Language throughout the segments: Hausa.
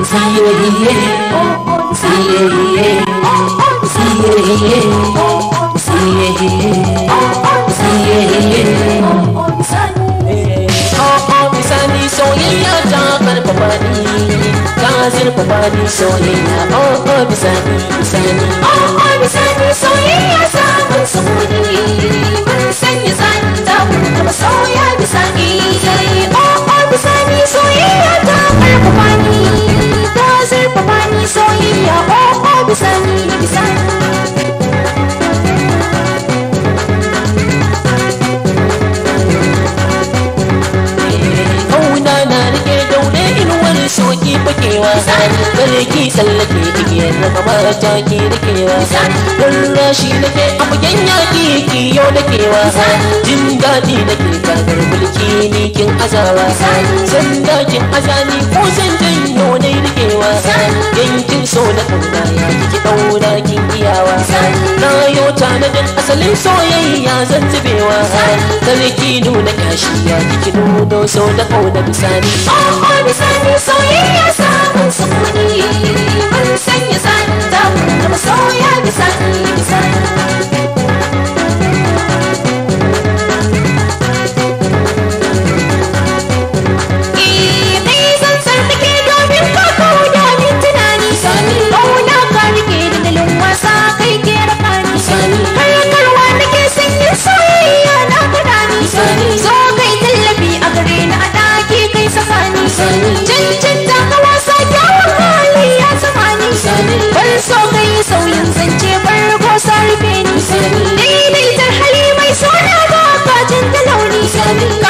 Saye hiye, oh oh saye hiye, saye hiye, saye hiye. Misani soyayya ta bar babadi, kazir babadi soyayya. Oh oh misani misani, oh oh misani soyayya samun sukuni. Mun sanya zan ta mun soyayya misani. sauki fakewa barki tsallake igiyar raka mata ki rikewa don rashi nake a bugen yaki kiyo nakewa jin daɗi nake kagar mulki ni kin azawa san dakin azani ko san janyo na rikewa yanki asalin soyayya zan zubewa ki nuna kashi ya jiki nuno so da da bisani oh, oh bisani soyayya samun sukuni ban sanya sani da kuma soyayya سامي ليلة الحليمة يسرى باقة جنت لوني سامي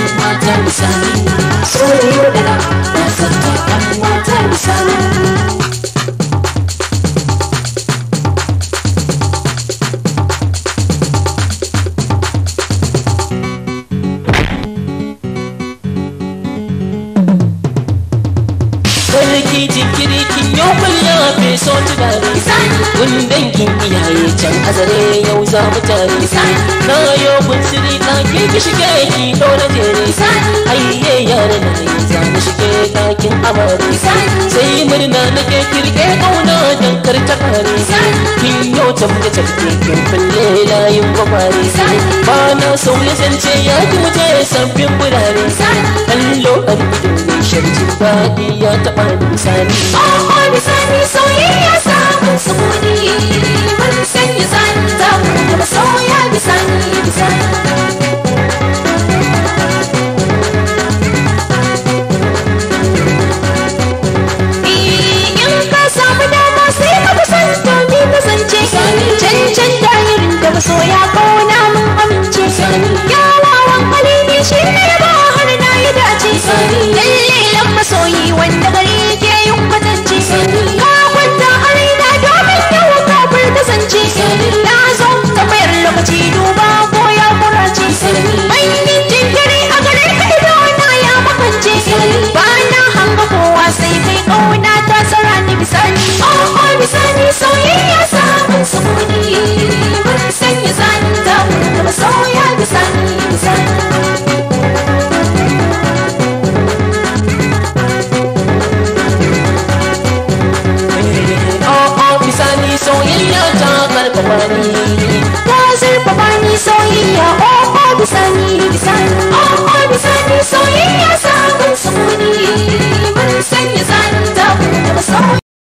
ki jikiri kin yau kulla fe so tunani gun dangin iyaye can azare yau za mu tare na yo kun siri ka ki ki shige ki dole jere aiye yare na yi za mu shige kakin amare sai murna na ke kirke kauna don karta kare kin yau tamke tamke kin kulle layin gwagware ba na sauye zance ya ki mu je sabbin bura daɗi ya taɓa nisani Oho nisani soyayya samun sukuni Ban sanya zani ta kuma sauya nisani Cancanta irin da masoya ko na mun amince.